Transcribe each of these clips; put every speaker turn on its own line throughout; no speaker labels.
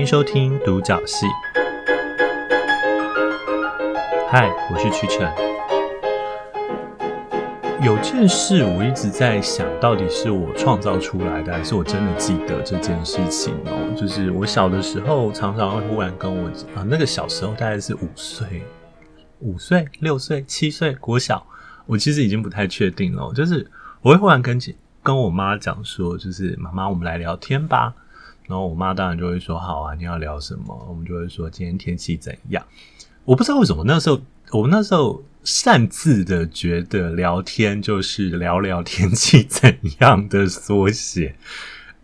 歡迎收聽讀角戲。嗨，我是曲晨。有件事我一直在想，到底是我創造出來的，還是我真的記得這件事情哦？就是我小的時候，常常會忽然跟我啊，呃，那個小時候大概是五歲、五歲、六歲、七歲，國小，我其實已經不太確定了。就是我會忽然跟跟我媽講說，就是媽媽，媽媽我們來聊天吧。然後我媽當然就會說：“好啊，你要聊什麼？”我們就會說：“今天天氣怎樣？”我不知道為什麼那時候，我們那時候擅自的覺得聊天就是聊聊天氣怎樣的縮寫。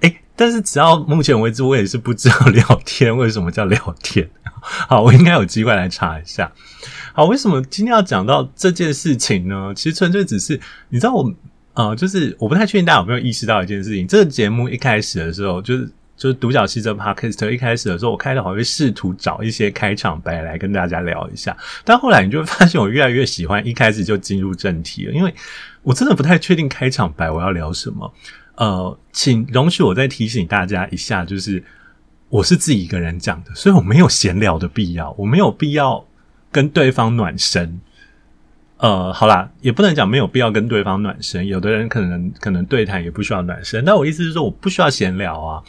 誒，但是直到目前為止，我也是不知道聊天為什麼叫聊天。好，我應該有機會來查一下。好，為什麼今天要講到這件事情呢？其實純粹只是你知道我，我、呃、啊，就是我不太確定大家有沒有意識到一件事情，這個節目一開始的時候就是。就是讀角戲這 podcast，一開始的時候，我開頭好像會試圖找一些開場白來跟大家聊一下，但後來你就會發現，我越來越喜歡一開始就進入正題了，因為我真的不太確定開場白我要聊什麼。呃，請容許我再提醒大家一下，就是我是自己一個人講的，所以我沒有閒聊的必要，我沒有必要跟對方暖身。呃，好啦，也不能講沒有必要跟對方暖身，有的人可能可能對談也不需要暖身，但我意思是說，我不需要閒聊啊。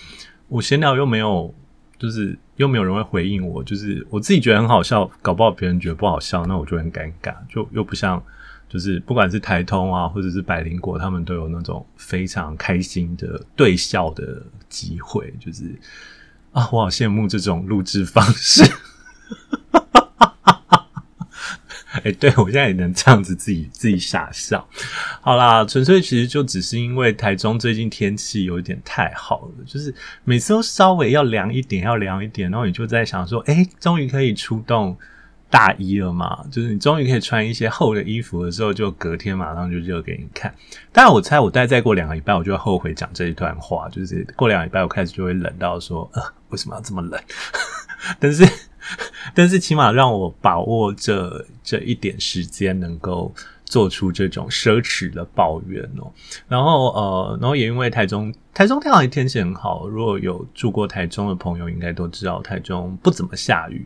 我閒聊又沒有，就是又沒有人會回應我，就是我自己覺得很好笑，搞不好別人覺得不好笑，那我就很尷尬，就又不像，就是不管是台通啊，或者是百靈果，他們都有那種非常開心的對笑的機會，就是啊，我好羨慕這種錄制方式。哎、欸，對，我現在也能這樣子自己自己傻笑。好啦，純粹其實就只是因為台中最近天氣有一點太好了，就是每次都稍微要涼一點，要涼一點，然後你就在想說，哎、欸，終於可以出動大衣了嘛？就是你終於可以穿一些厚的衣服的時候，就隔天馬上就熱給你看。當然，我猜我待再過兩個禮拜，我就會後悔講這一段話，就是過兩個禮拜我開始就會冷到說，呃，為什麼要這麼冷？ 但是。但是起碼讓我把握這這一點時間，能夠做出這種奢侈的抱怨哦。然後呃，然後也因為台中，台中剛好天氣很好。如果有住過台中的朋友，應該都知道台中不怎麼下雨。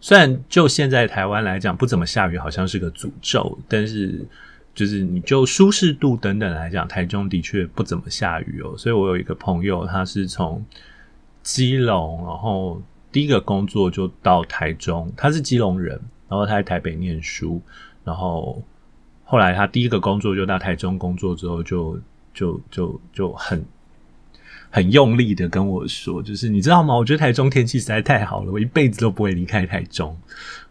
雖然就現在台灣來講，不怎麼下雨好像是個詛咒，但是就是你就舒適度等等來講，台中的確不怎麼下雨哦。所以我有一個朋友，他是從基隆，然後。第一個工作就到台中，他是基隆人，然後他在台北念書，然後後來他第一個工作就到台中工作之後就，就就就就很很用力的跟我說，就是你知道嗎？我覺得台中天氣實在太好了，我一輩子都不會離開台中。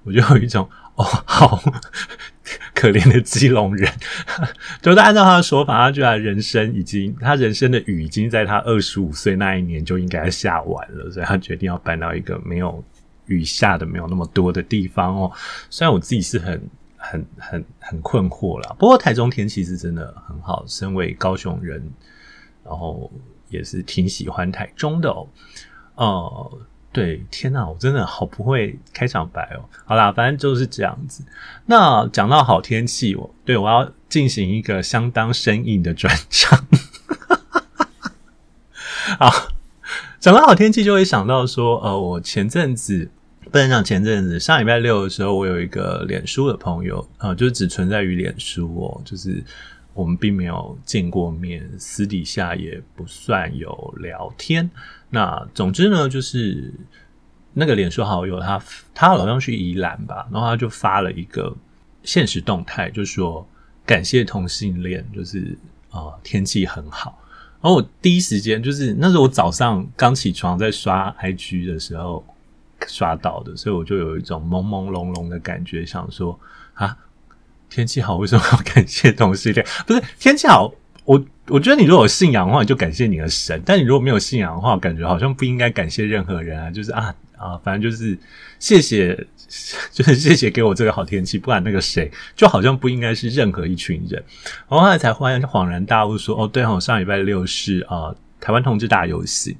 我就有一種哦，好。 可憐的基隆人， 就是按照他的說法，他覺得人生已經，他人生的雨已經在他二十五歲那一年就應該下完了，所以他決定要搬到一個沒有雨下的沒有那麼多的地方哦。雖然我自己是很很很很困惑啦，不過台中天氣是真的很好。身為高雄人，然後也是挺喜歡台中的哦，呃對，天哪，我真的好不會開場白哦、喔。好啦，反正就是這樣子。那講到好天氣、喔，我對我要進行一個相當生硬的轉向。 好，講到好天氣就會想到說，呃，我前陣子不能講前陣子，上禮拜六的時候，我有一個臉書的朋友啊、呃，就只存在於臉書哦、喔，就是。我們並沒有見過面，私底下也不算有聊天。那總之呢，就是那個臉書好友他、他他好像去宜蘭吧，然後他就發了一個限時動態，就說感謝同性戀，就是啊、呃、天氣很好。然後我第一時間就是那時候我早上剛起床在刷 IG 的時候刷到的，所以我就有一種朦朦朧朧的感覺，想說啊。天氣好，為什麼要感謝同性戀？不是天氣好，我我覺得你如果有信仰的話，你就感謝你的神；但你如果沒有信仰的話，我感覺好像不應該感謝任何人啊！就是啊啊，反正就是謝謝，就是謝謝給我這個好天氣，不管那個誰，就好像不應該是任何一群人。我後來才忽然恍然大悟說：“哦，對哈、哦，我上禮拜六是啊。呃”台灣同志大遊行，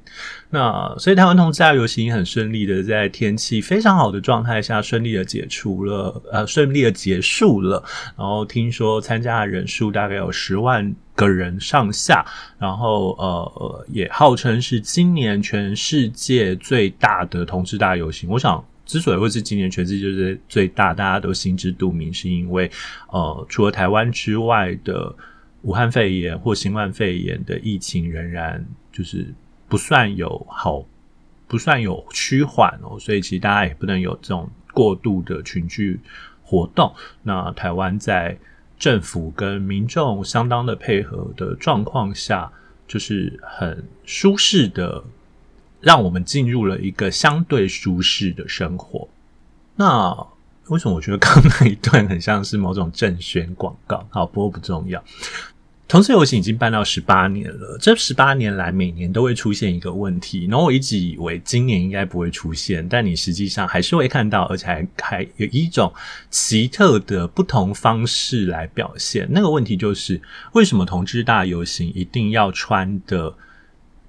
那所以台灣同志大遊行也很順利的，在天氣非常好的狀態下，順利的解除了，呃，順利的結束了。然後聽說參加的人數大概有十萬個人上下，然後呃，也號稱是今年全世界最大的同志大遊行。我想之所以會是今年全世界最大，大家都心知肚明，是因為呃，除了台灣之外的。武漢肺炎或新冠肺炎的疫情仍然就是不算有好，不算有趨緩哦，所以其實大家也不能有這種過度的群聚活動。那台灣在政府跟民眾相當的配合的狀況下，就是很舒適的，讓我們進入了一個相對舒適的生活。那，為什麼我覺得剛剛那一段很像是某種政宣廣告？好，不過不重要。同志遊行已經辦到十八年了，這十八年來每年都會出現一個問題，然後我一直以為今年應該不會出現，但你實際上還是會看到，而且還還有一種奇特的不同方式來表現。那個問題就是，為什麼同志大遊行一定要穿的？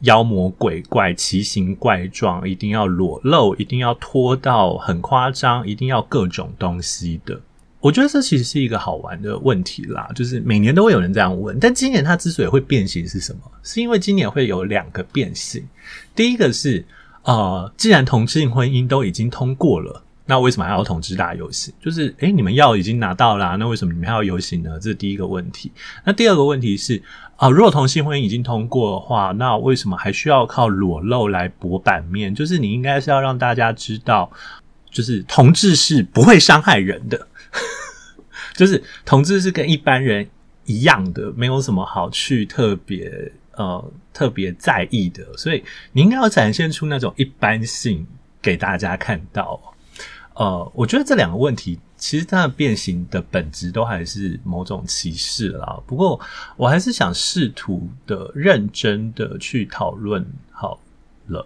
妖魔鬼怪、奇形怪狀，一定要裸露，一定要脫到很誇張，一定要各種東西的。我覺得這其實是一個好玩的問題啦，就是每年都會有人這樣問。但今年它之所以會變形是什麼？是因為今年會有兩個變形。第一個是，呃，既然同性婚姻都已經通過了。那為什麼還要同志大遊行？就是，哎、欸，你們藥已經拿到啦。那為什麼你們還要遊行呢？這是第一個問題。那第二個問題是，啊、呃，如果同性婚姻已經通過的話，那為什麼還需要靠裸露來博版面？就是你應該是要讓大家知道，就是同志是不會傷害人的， 就是同志是跟一般人一樣的，沒有什麼好去特別呃特別在意的。所以你應該要展現出那種一般性給大家看到。呃，我覺得這兩個問題其實它的變形的本質都還是某種歧視啦啊。不過我還是想試圖的認真的去討論好了。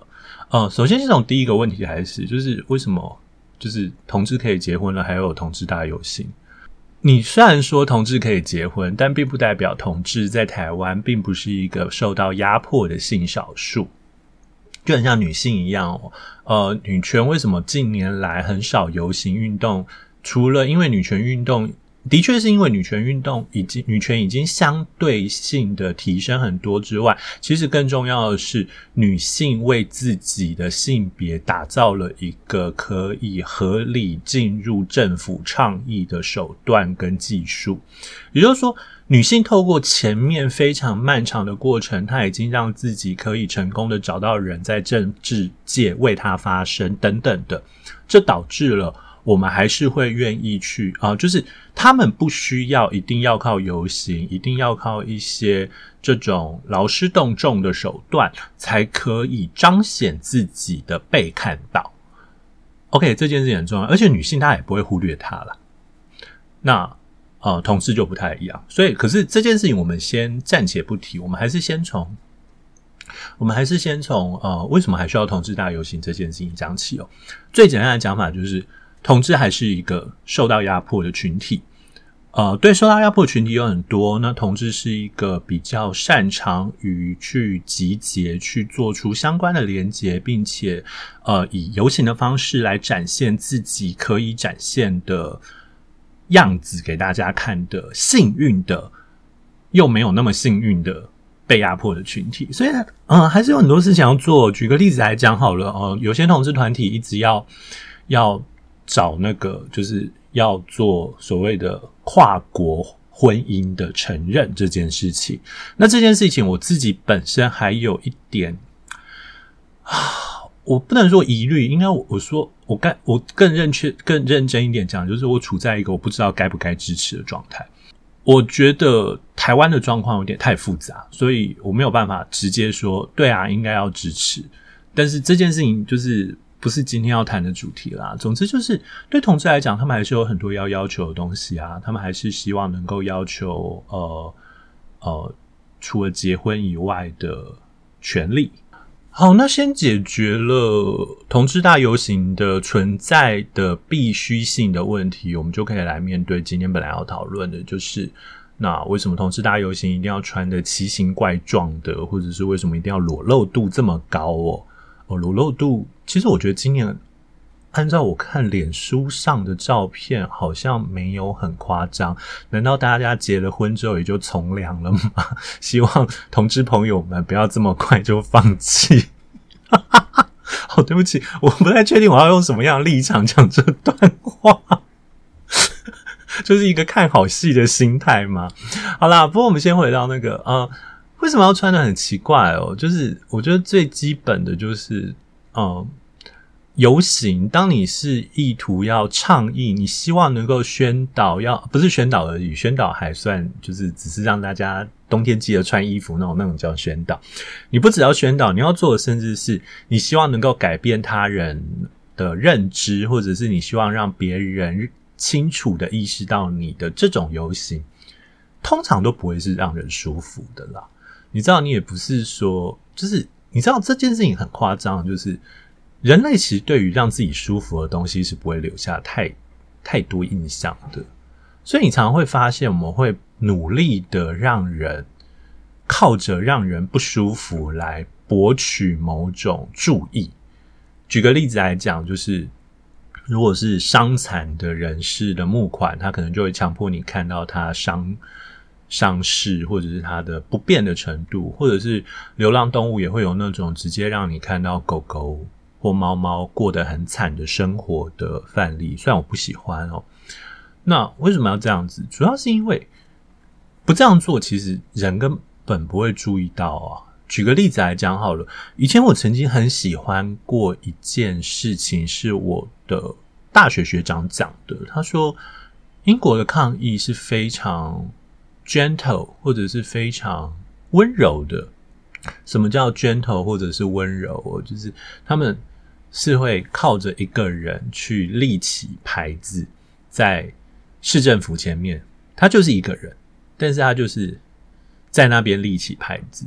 呃，首先這種第一個問題還是就是為什麼就是同志可以結婚了，還有同志大遊行？你雖然說同志可以結婚，但並不代表同志在台灣並不是一個受到壓迫的性少數。就很像女性一樣，哦，呃，女權為什麼近年來很少遊行運動？除了因為女權運動的確是因為女權運動已經女權已經相對性的提升很多之外，其實更重要的是女性為自己的性別打造了一個可以合理進入政府倡議的手段跟技術，也就是說。女性透過前面非常漫長的過程，她已經讓自己可以成功的找到人在政治界為她發聲等等的，這導致了我們還是會願意去啊、呃，就是他們不需要一定要靠遊行，一定要靠一些這種勞師動眾的手段才可以彰顯自己的被看到。OK，這件事情很重要，而且女性她也不會忽略她啦。那。呃，同志就不太一樣，所以可是這件事情我們先暫且不提，我們還是先從，我們還是先從呃為什麼還需要同志大遊行這件事情講起哦。最簡單的講法就是，同志還是一個受到壓迫的群體。呃，對，受到壓迫的群體有很多，那同志是一個比較擅長於去集結、去做出相關的連結，並且呃以遊行的方式來展現自己可以展現的。樣子給大家看的，幸運的又沒有那麼幸運的被壓迫的群體，所以呢，嗯，還是有很多事情要做。舉個例子來講好了，哦、嗯，有些同志團體一直要要找那個，就是要做所謂的跨國婚姻的承認這件事情。那這件事情，我自己本身還有一點啊。我不能說疑慮，應該我我說我該我更認確更認真一點講，就是我處在一個我不知道該不該支持的狀態。我覺得台灣的狀況有點太複雜，所以我沒有辦法直接說對啊，應該要支持。但是這件事情就是不是今天要談的主題啦。總之就是對同志來講，他們還是有很多要要求的東西啊，他們還是希望能夠要求呃呃，除了結婚以外的權利。好，那先解決了同志大遊行的存在的必須性的問題，我們就可以來面對今天本來要討論的，就是那為什麼同志大遊行一定要穿得奇形怪狀的，或者是為什麼一定要裸露度這麼高哦？哦，裸露度，其實我覺得今年。按照我看臉書上的照片，好像沒有很誇張。難道大家結了婚之後也就從良了嗎？希望同志朋友們不要這麼快就放棄。好、 哦，對不起，我不太確定我要用什麼樣的立場講這段話， 就是一個看好戲的心態嘛。好啦，不過我們先回到那個，嗯、呃、為什麼要穿得很奇怪哦？就是我覺得最基本的就是，嗯、呃。遊行，當你是意圖要倡議，你希望能夠宣導要，要不是宣導而已，宣導還算就是只是讓大家冬天記得穿衣服那種那種叫宣導。你不只要宣導，你要做的，甚至是你希望能夠改變他人的認知，或者是你希望讓別人清楚地意識到你的這種遊行，通常都不會是讓人舒服的啦。你知道，你也不是說，就是你知道這件事情很誇張，就是。人類其實對於讓自己舒服的東西是不會留下太太多印象的，所以你常常會發現，我們會努力的讓人靠着讓人不舒服來博取某種注意。舉個例子來講，就是如果是傷殘的人士的募款，他可能就會強迫你看到他傷傷勢，或者是他的不便的程度，或者是流浪動物也會有那種直接讓你看到狗狗。或貓貓過得很慘的生活的範例，雖然我不喜歡哦。那為什麼要這樣子？主要是因為不這樣做，其實人根本不會注意到啊。舉個例子來講好了，以前我曾經很喜歡過一件事情，是我的大學學長講的。他說，英國的抗議是非常 gentle 或者是非常溫柔的。什麼叫 gentle 或者是溫柔？哦，就是他們。是會靠着一個人去立起牌子，在市政府前面，他就是一個人，但是他就是在那邊立起牌子，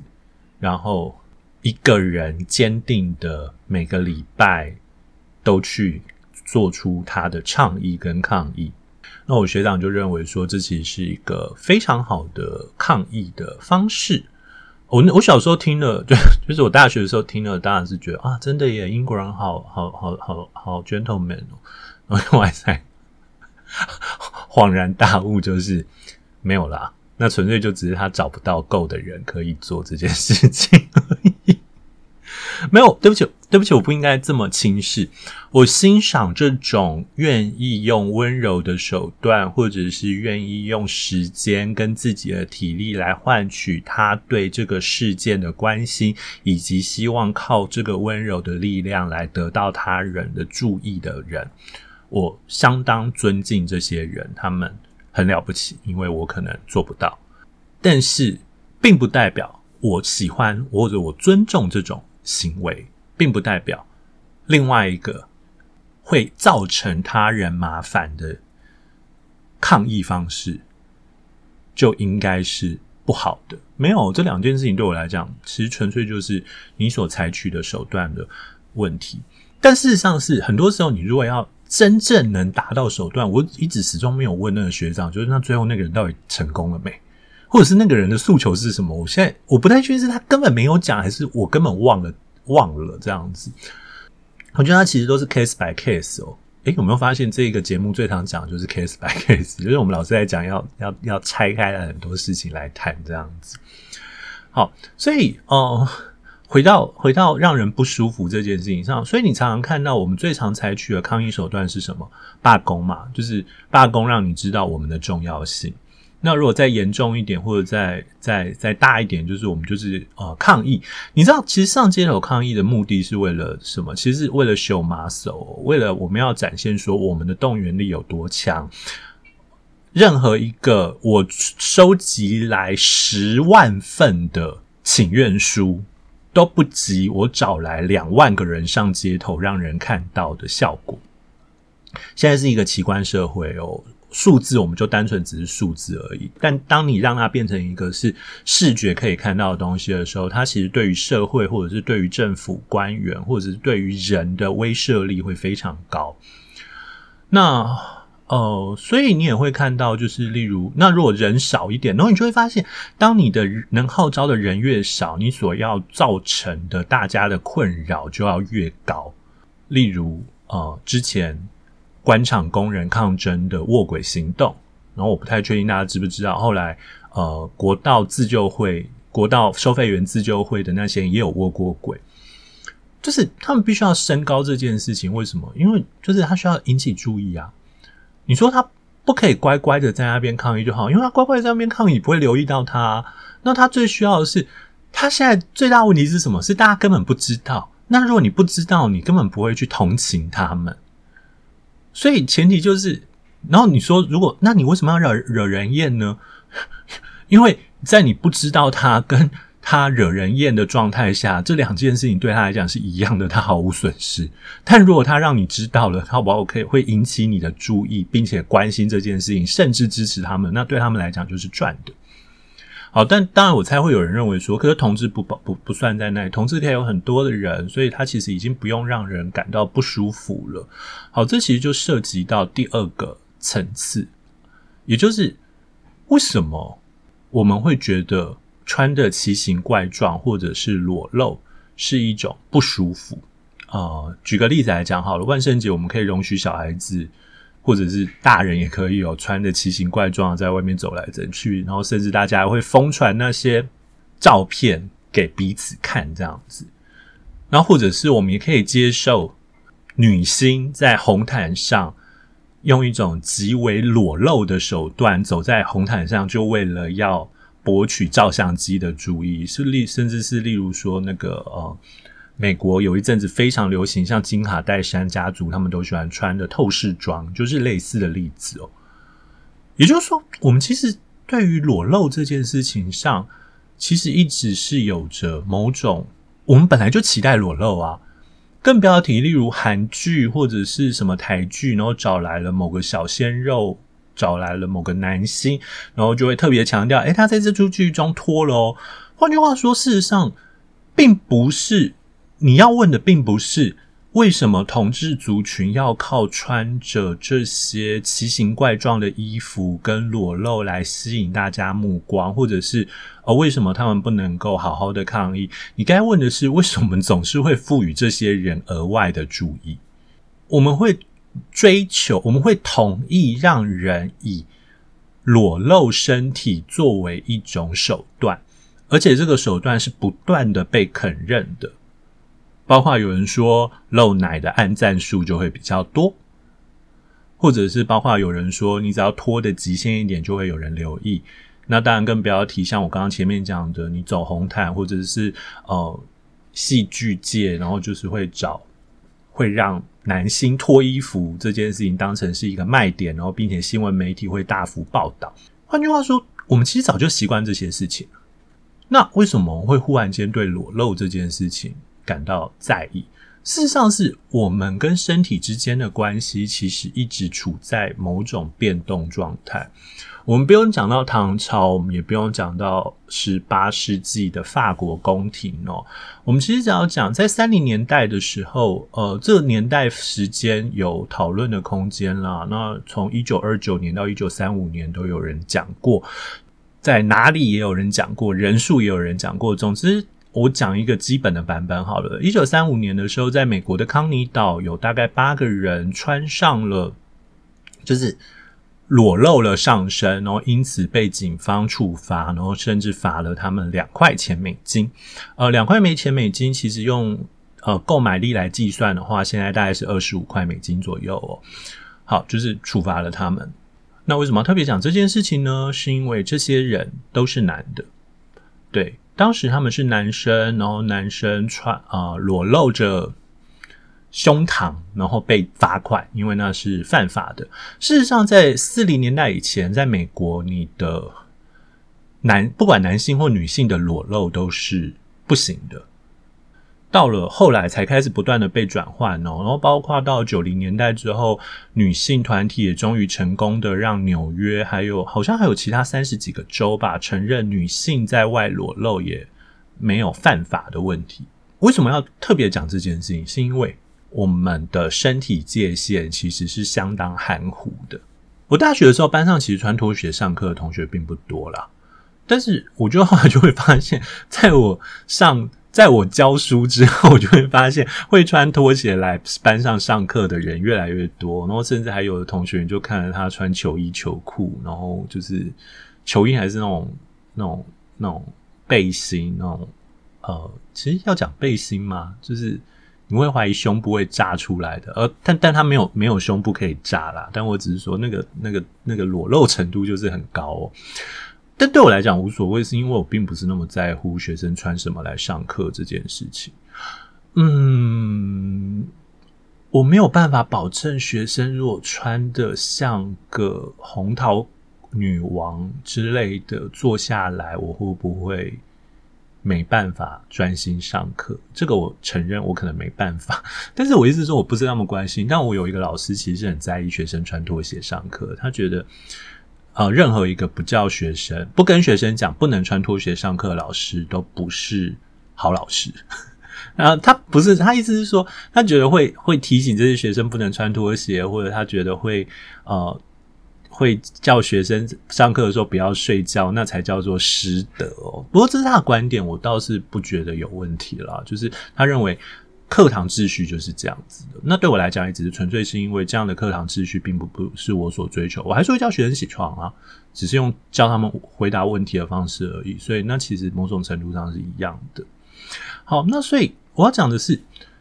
然後一個人堅定的每個禮拜都去做出他的倡議跟抗議。那我學長就認為說，這其實是一個非常好的抗議的方式。我我小時候聽了，就就是我大學的時候聽了，當然是覺得啊，真的耶，英國人好好好好好好 gentleman，哦，我還在恍然大悟，就是沒有啦，那純粹就只是他找不到夠的人可以做這件事情。沒有，對不起，對不起，我不應該這麼輕視。我欣賞這種願意用溫柔的手段，或者是願意用時間跟自己的體力來換取他對這個事件的關心，以及希望靠這個溫柔的力量來得到他人的注意的人。我相當尊敬這些人，他們很了不起，因為我可能做不到，但是並不代表我喜歡或者我尊重這種。行為，並不代表另外一個會造成他人麻煩的抗議方式就應該是不好的。沒有，這兩件事情對我來講，其實純粹就是你所採取的手段的問題。但事實上是，很多時候你如果要真正能達到手段，我一直始終沒有問那個學長，就是那最後那個人到底成功了沒？或者是那個人的訴求是什麼？我現在我不太確定是他根本沒有講，還是我根本忘了忘了這樣子。我覺得他其實都是 case by case 哦。誒、欸，有沒有發現這個節目最常講就是 case by case，就是我們老是在講要要要拆開來很多事情來談這樣子。好，所以哦、呃，回到回到讓人不舒服這件事情上，所以你常常看到我們最常採取的抗議手段是什麼？罷工嘛，就是罷工，讓你知道我們的重要性。那如果再嚴重一點，或者再再再大一點，就是我們就是呃抗議。你知道，其實上街頭抗議的目的是為了什麼？其實是為了 show muscle，為了我們要展現說我們的動員力有多強。任何一個我收集來十萬份的請願書，都不及我找來兩萬個人上街頭讓人看到的效果。現在是一個奇觀社會哦。數字我們就單純只是數字而已，但當你讓它變成一個是視覺可以看到的東西的時候，它其實對於社會或者是對於政府官員或者是對於人的威懾力會非常高。那呃，所以你也會看到，就是例如，那如果人少一點，然後你就會發現，當你的能號召的人越少，你所要造成的大家的困擾就要越高。例如呃，之前。官場工人抗爭的臥軌行動，然後我不太確定大家知不知道。後來，呃，國道自救會、國道收費員自救會的那些也有臥過軌，就是他們必須要升高這件事情。為什麼？因為就是他需要引起注意啊！你說他不可以乖乖的在那邊抗議就好，因為他乖乖在那邊抗議不會留意到他啊。那他最需要的是，他現在最大問題是什麼？是大家根本不知道。那如果你不知道，你根本不會去同情他們。所以前提就是，然後你說如果，那你為什麼要惹惹人厭呢？因為在你不知道他跟他惹人厭的狀態下，這兩件事情對他來講是一樣的，他毫無損失。但如果他讓你知道了，他好不好可以會引起你的注意，並且關心這件事情，甚至支持他們，那對他們來講就是賺的。好，但當然我猜會有人認為說，可是同志不不不算在內，同志可以有很多的人，所以他其實已經不用讓人感到不舒服了。好，這其實就涉及到第二個層次，也就是為什麼我們會覺得穿的奇形怪狀或者是裸露是一種不舒服？啊、呃，舉個例子來講好了，萬聖節我們可以容許小孩子。或者是大人也可以有穿着奇形怪狀，在外面走來走去，然後甚至大家會瘋傳那些照片給彼此看這樣子，然後或者是我們也可以接受女星在紅毯上用一種極為裸露的手段走在紅毯上，就為了要博取照相機的注意，是例甚至是例如說那個呃。美國有一陣子非常流行，像金卡戴珊家族，他們都喜歡穿的透視裝，就是類似的例子哦。也就是說，我們其實對於裸露這件事情上，其實一直是有着某種我們本來就期待裸露啊。更不要提例如韓劇或者是什麼台劇，然後找來了某個小鮮肉，找來了某個男星，然後就會特別強調，哎、欸，他在這出劇中脫了哦。換句話說，事實上並不是。你要問的並不是為什麼同志族群要靠穿着這些奇形怪狀的衣服跟裸露來吸引大家目光，或者是呃、哦、為什麼他們不能夠好好的抗議？你該問的是為什麼總是會賦予這些人額外的注意？我們會追求，我們會同意讓人以裸露身體作為一種手段，而且這個手段是不斷的被肯認的。包括有人說露奶的按贊數就會比較多，或者是包括有人說你只要脫得極限一點就會有人留意。那當然更不要提像我剛剛前面講的，你走紅毯或者是呃戲劇界，然後就是會找會讓男星脫衣服這件事情當成是一個賣點，然後並且新聞媒體會大幅報道。換句話說，我們其實早就習慣這些事情了。那為什麼會忽然間對裸露這件事情，感到在意，事實上是我們跟身體之間的關係，其實一直處在某種變動狀態。我們不用講到唐朝，我們也不用講到十八世紀的法國宮廷哦。我們其實只要講在三零年代的時候，呃，這個年代時間有討論的空間啦。那從一九二九年到一九三五年都有人講過，在哪裡也有人講過，人數也有人講過，總之。我講一個基本的版本好了。一九三五年的時候，在美國的康尼島有大概八個人穿上了，就是裸露了上身，然後因此被警方處罰，然後甚至罰了他們兩塊錢美金。呃，兩塊美錢美金其實用呃購買力來計算的話，現在大概是二十五塊美金左右哦。好，就是處罰了他們。那為什麼要特別講這件事情呢？是因為這些人都是男的，對。當時他們是男生，然後男生穿啊、呃、裸露着胸膛，然後被罰款，因為那是犯法的。事實上，在四零年代以前，在美國，你的男，不管男性或女性的裸露都是不行的。到了後來才開始不斷的被轉換哦，然後包括到九零年代之後，女性團體也終於成功的讓紐約還有好像還有其他三十幾個州吧，承認女性在外裸露也沒有犯法的問題。為什麼要特別講這件事情？是因為我們的身體界限其實是相當含糊的。我大學的時候班上其實穿拖鞋上課的同學並不多啦，但是我就後來就會發現，在我上。在我教書之後，我就會發現會穿拖鞋來班上上課的人越來越多，然後甚至還有的同學就看著他穿球衣球褲，然後就是球衣還是那種那種那種背心，那種呃，其實要講背心嘛，就是你會懷疑胸部會炸出來的，呃但但他沒有沒有胸部可以炸啦，但我只是說那個那個那個裸露程度就是很高喔。但對我來講無所謂，是因為我並不是那麼在乎學生穿什麼來上課這件事情。嗯，我沒有辦法保證學生如果穿得像個紅桃女王之類的坐下來，我會不會沒辦法專心上課？這個我承認，我可能沒辦法。但是我意思是說，我不是那麼關心。但我有一個老師，其實很在意學生穿拖鞋上課，他覺得。呃，任何一個不叫學生、不跟學生講不能穿拖鞋上課的老師，都不是好老師。然後、 啊、他不是，他意思是說，他覺得會會提醒這些學生不能穿拖鞋，或者他覺得會呃會叫學生上課的時候不要睡覺，那才叫做師德哦。不過這是他的觀點，我倒是不覺得有問題啦，就是他認為。課堂秩序就是這樣子的。那對我來講，也只是純粹是因為這樣的課堂秩序並不不是，是我所追求。我還是會叫學生起床啊，只是用教他們回答問題的方式而已。所以那其實某種程度上是一樣的。好，那所以我要講的是，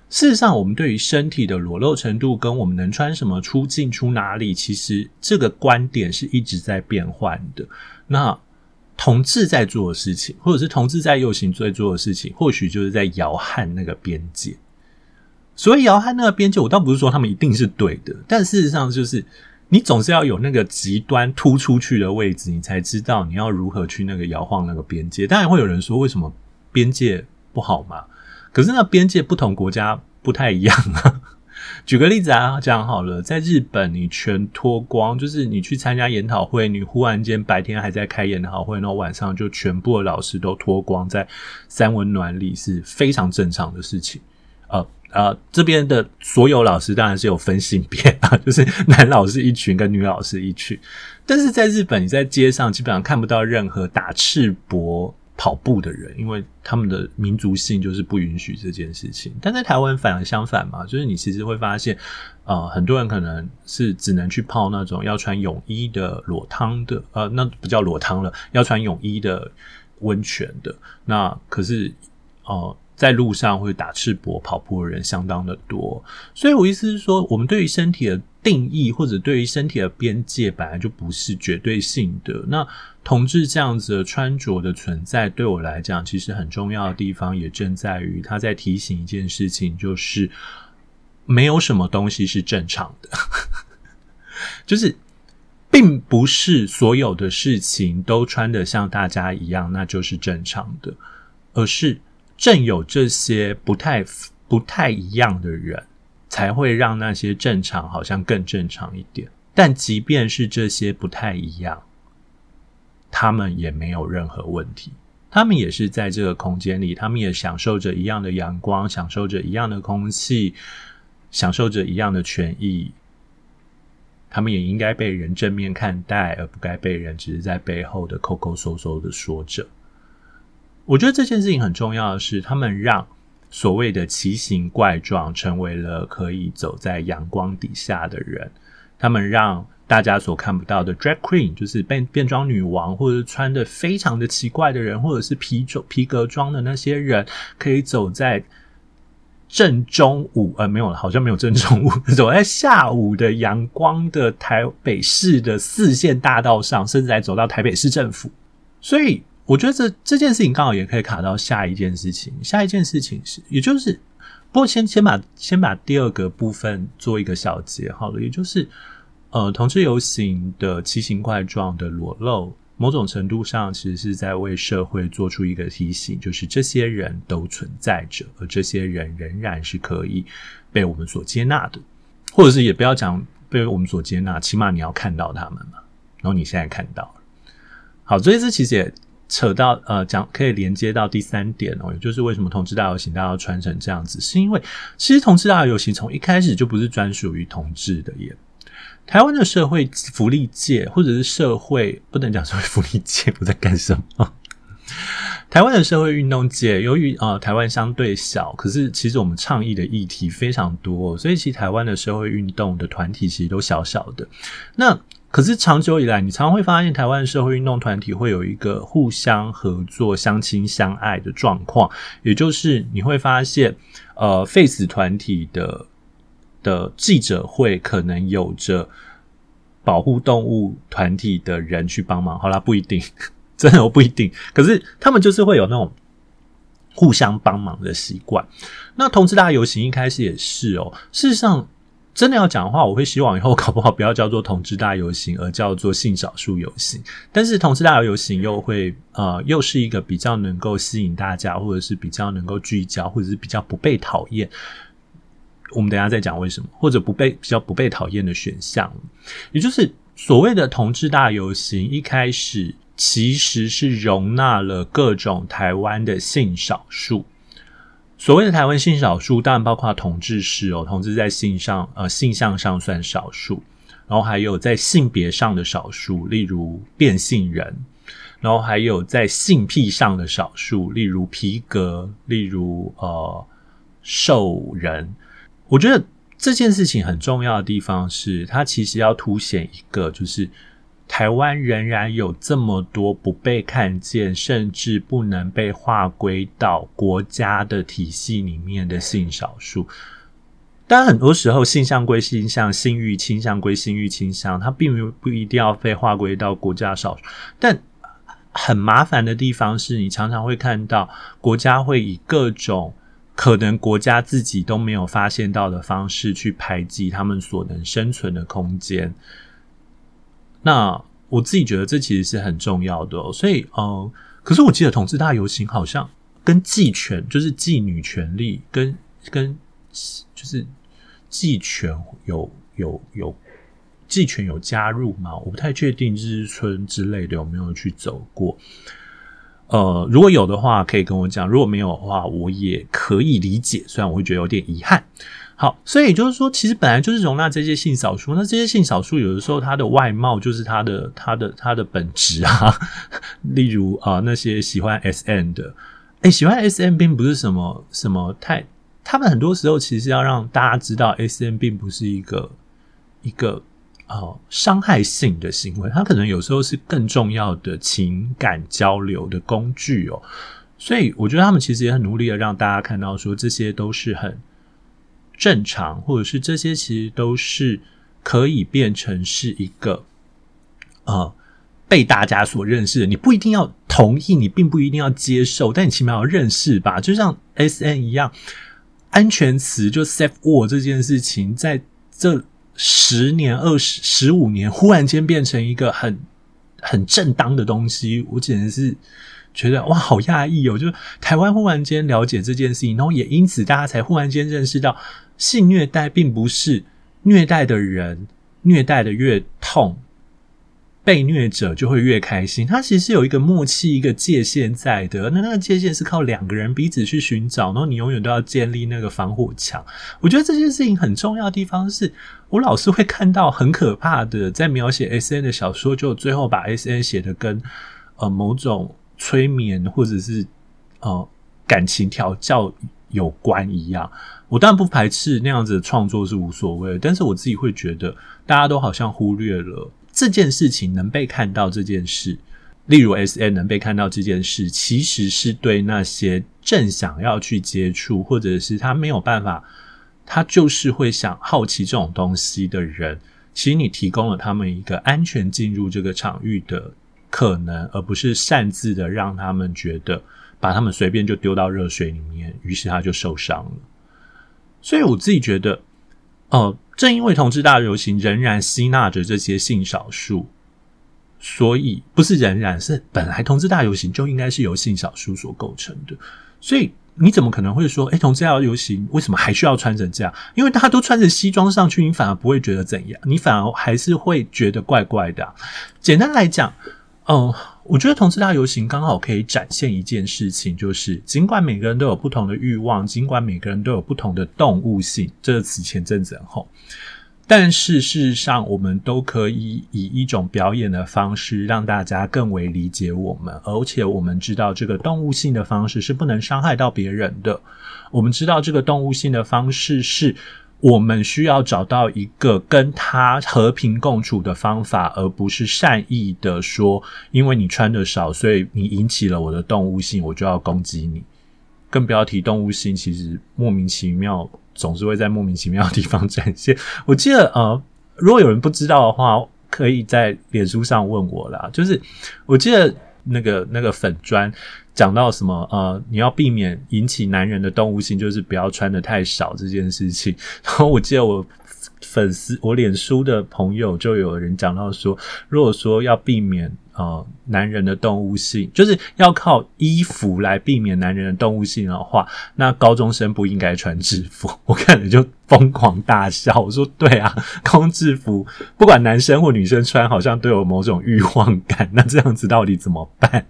事實上我們對於身體的裸露程度跟我們能穿什麼出鏡、出哪裡，其實這個觀點是一直在變換的。那同志在做的事情，或者是同志在遊行在做的事情，或許就是在搖撼，那個邊界。所以搖撼那個邊界，我倒不是說他們一定是對的，但事實上就是你總是要有那個極端突出去的位置，你才知道你要如何去那個搖晃那個邊界。當然會有人說為什麼邊界不好嘛？可是那邊界不同國家不太一樣啊。 舉個例子啊，講好了，在日本你全脫光，就是你去參加研討會，你忽然間白天還在開研討會，然後晚上就全部的老師都脫光在三溫暖裡是非常正常的事情。啊、呃，這邊的所有老師當然是有分性別啊，就是男老師一群跟女老師一群，但是在日本，你在街上基本上看不到任何打赤膊跑步的人，因為他們的民族性就是不允許這件事情。但在台灣反而相反嘛，就是你其實會發現，啊、呃，很多人可能是只能去泡那種要穿泳衣的裸湯的，呃，那不叫裸湯了，要穿泳衣的溫泉的。那可是，啊、呃。在路上會打赤膊跑步的人相當的多，所以我意思是說，我們對於身體的定義或者對於身體的邊界本來就不是絕對性的。那同志這樣子的穿着的存在，對我來講其實很重要的地方也正在於，他在提醒一件事情，就是沒有什麼東西是正常的， 就是並不是所有的事情都穿得像大家一樣，那就是正常的，而是，正有這些不太、不太一樣的人，才會讓那些正常好像更正常一點。但即便是這些不太一樣，他們也沒有任何問題。他們也是在這個空間裡，他們也享受着一樣的陽光，享受着一樣的空氣，享受着一樣的權益。他們也應該被人正面看待，而不該被人只是在背後的摳摳搜搜的說着。我覺得這件事情很重要的是，他們讓所謂的奇形怪狀成為了可以走在陽光底下的人。他們讓大家所看不到的 drag queen，就是變變裝女王或者是穿的非常的奇怪的人，或者是皮裝、皮革裝的那些人，可以走在正中午，呃，沒有了，好像沒有正中午，走在下午的陽光的台北市的四線大道上，甚至還走到台北市政府。所以。我覺得這這件事情剛好也可以卡到下一件事情，下一件事情是，也就是，不過先先把先把第二個部分做一個小結好了，也就是，呃，同志遊行的奇形怪狀的裸露，某種程度上其實是在為社會做出一個提醒，就是這些人都存在着，而這些人仍然是可以被我們所接納的，或者是也不要講被我們所接納，起碼你要看到他們嘛。然後你現在看到了，好，這一次其實也。扯到呃，講可以連接到第三點哦，也就是為什麼同志大遊行大家要穿成這樣子，是因為其實同志大遊行從一開始就不是專屬於同志的耶。台灣的社會福利界，或者是社會，不能講社會福利界，我在幹什麼？台灣的社會運動界，由於啊、呃、台灣相對小，可是其實我們倡議的議題非常多，所以其實台灣的社會運動的團體其實都小小的。那可是長久以來，你常常會發現台灣社會運動團體會有一個互相合作、相親相愛的狀況，也就是你會發現，呃，廢 e 團體的的記者會可能有着保護動物團體的人去幫忙。好啦，不一定，真的我不一定。可是他們就是會有那種互相幫忙的習慣。那同志大遊行一開始也是哦，事實上。真的要講的話，我會希望以後搞不好不要叫做同志大遊行，而叫做性少數遊行。但是同志大遊行又會，呃，又是一個比較能夠吸引大家，或者是比較能夠聚焦，或者是比較不被討厭。我們等一下再講為什麼，或者不被比較不被討厭的選項，也就是所謂的同志大遊行，一開始其實是容納了各種台灣的性少數。所謂的台灣性少數，當然包括同志式哦，同志在性上，呃，性向上算少數，然後還有在性別上的少數，例如變性人，然後還有在性癖上的少數，例如皮革，例如呃獸人。我覺得這件事情很重要的地方是，它其實要凸顯一個就是。台灣仍然有這麼多不被看見，甚至不能被劃歸到國家的體系裡面的性少數。但很多時候，性向歸性向，性慾傾向歸性慾傾向，它並不不一定要被劃歸到國家少數。但很麻煩的地方是，你常常會看到國家會以各種可能國家自己都沒有發現到的方式去排擠他們所能生存的空間。那我自己覺得這其實是很重要的哦，所以呃，可是我記得同志大遊行好像跟妓權，就是妓女權利，跟跟就是妓權有有有妓權有加入嗎？我不太確定日日春之類的有沒有去走過。呃，如果有的話，可以跟我講；如果沒有的話，我也可以理解，雖然我會覺得有點遺憾。好，所以就是說，其實本來就是容納這些性少數。那這些性少數有的時候，他的外貌就是他的、他的、他的本質啊。例如啊、呃，那些喜歡 SM 的，哎、欸，喜歡 SM 並不是什麼什麼太。他們很多時候其實要讓大家知道，SM 並不是一個一個呃傷害性的行為。他可能有時候是更重要的情感交流的工具哦。所以我覺得他們其實也很努力的讓大家看到，說這些都是很。正常，或者是這些，其實都是可以變成是一個，呃，被大家所認識的。你不一定要同意，你並不一定要接受，但你起碼要認識吧。就像 S M 一樣，安全詞就 safe word 這件事情，在這十年、二十、十五年，忽然間變成一個很很正當的東西，我簡直是覺得哇，好訝異哦！就是台灣忽然間了解這件事情，然後也因此大家才忽然間認識到。性虐待並不是虐待的人，虐待的越痛，被虐者，就會越開心。它其實是有一個默契，一個界限在的。那那個界限是靠兩個人彼此去尋找，然後你永遠都要建立那個防火牆。我覺得這件事情很重要的地方是，我老是會看到很可怕的，在描寫 SN 的小說，就最後把 SN 寫的跟呃某種催眠或者是呃感情調教有關一樣。我當然不排斥那樣子的創作，是無所謂，但是我自己會覺得，大家都好像忽略了這件事情能被看到這件事，例如 SN 能被看到這件事，其實是對那些正想要去接觸，或者是他沒有辦法，他就是會想好奇這種東西的人，其實你提供了他們一個安全進入這個場域的可能，而不是擅自的讓他們覺得把他們隨便就丟到熱水裡面，於是他就受傷了。所以我自己覺得，呃，正因為同志大遊行仍然吸納着這些性少數，所以不是仍然，是本來同志大遊行就應該是由性少數所構成的。所以你怎麼可能會說，誒，同志大遊行為什麼還需要穿成這樣？因為大家都穿着西裝上去，你反而不會覺得怎樣，你反而還是會覺得怪怪的啊。簡單來講，呃。我覺得同志大遊行剛好可以展現一件事情，就是儘管每個人都有不同的欲望，儘管每個人都有不同的動物性，這詞前陣子很紅，但是事實上我們都可以以一種表演的方式讓大家更為理解我們，而且我們知道這個動物性的方式是不能傷害到別人的，我們知道這個動物性的方式是。我們需要找到一個跟他和平共處的方法，而不是善意的說，因為你穿得少，所以你引起了我的動物性，我就要攻擊你。更不要提動物性，其實莫名其妙，總是會在莫名其妙的地方展現。我記得，呃，如果有人不知道的話，可以在臉書上問我啦。就是我記得那個那個粉專。講到什麼呃，你要避免引起男人的動物性，就是不要穿得太少這件事情。然後我記得我粉絲我臉書的朋友就有人講到說，如果說要避免呃，男人的動物性，就是要靠衣服來避免男人的動物性的話，那高中生不應該穿制服。我看了就瘋狂大笑，我說對啊，空制服不管男生或女生穿，好像都有某種慾望感。那這樣子到底怎麼辦？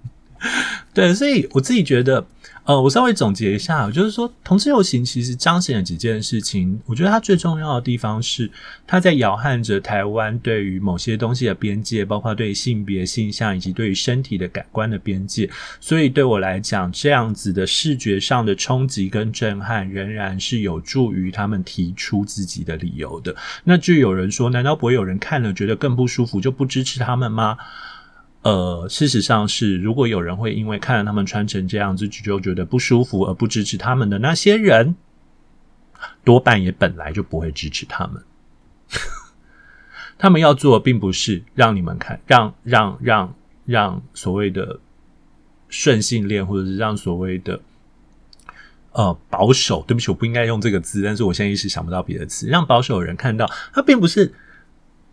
對，所以我自己覺得，呃，我稍微總結一下，就是說，同志遊行其實彰顯了幾件事情。我覺得它最重要的地方是，它在搖撼着台灣對於某些東西的邊界，包括對於性別、性向以及對於身體的感官的邊界。所以對我來講，這樣子的視覺上的衝擊跟震撼，仍然是有助於他們提出自己的理由的。那就有人說，難道不會有人看了覺得更不舒服，就不支持他們嗎？呃，事實上是，如果有人會因為看了他們穿成這樣子就覺得不舒服而不支持他們的那些人，多半也本來就不會支持他們。 他們要做的並不是讓你們看，讓讓讓讓所謂的順性戀，或者是讓所謂的呃保守。對不起，我不應該用這個字，但是我現在一時想不到別的詞，讓保守的人看到，他並不是。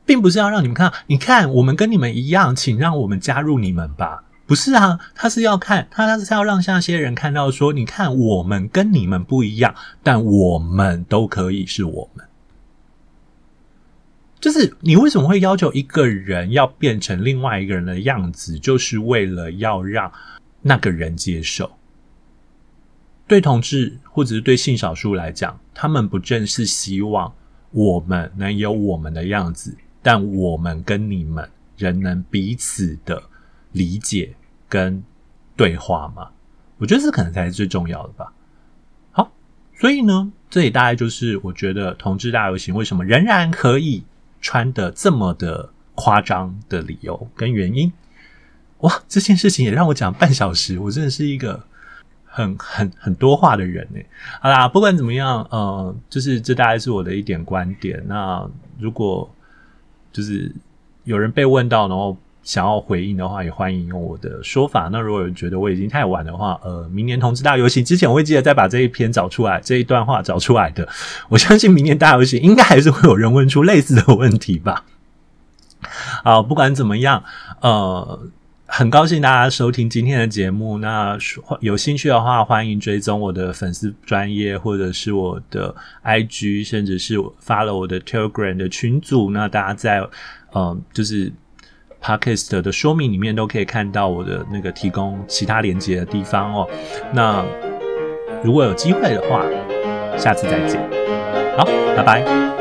並不是要讓你們看，你看我們跟你們一樣，請讓我們加入你們吧。不是啊，他是要看他，他是要讓那些人看到說，你看我們跟你們不一樣，但我們都可以是我們。就是你為什麼會要求一個人要變成另外一個人的樣子，就是為了要讓那個人接受？對同志或者是對性少數來講，他們不正是希望我們能有我們的樣子？但我們跟你們仍能彼此的理解跟對話嗎？我覺得這可能才是最重要的吧。好，所以呢，這也大概就是我覺得同志大游行為什麼仍然可以穿得這麼的誇張的理由跟原因。哇，這件事情也讓我講半小時，我真的是一個很很很多話的人呢、欸。好啦，不管怎麼樣，呃，就是這大概是我的一點觀點。那如果就是有人被問到，然後想要回應的話，也歡迎用我的說法。那如果有人覺得我已經太晚的話，呃，明年同志大遊行之前，我會記得再把這一篇找出來，這一段話找出來的。我相信明年大遊行應該還是會有人問出類似的問題吧。啊，不管怎麼樣，呃。很高興大家收聽今天的節目。那有興趣的話，歡迎追蹤我的粉絲專頁，或者是我的 IG，甚至是 follow 我的 Telegram 的群組。那大家在呃，就是 Podcast 的說明裡面都可以看到我的那個提供其他連結的地方哦。那如果有機會的話，下次再見。好，拜拜。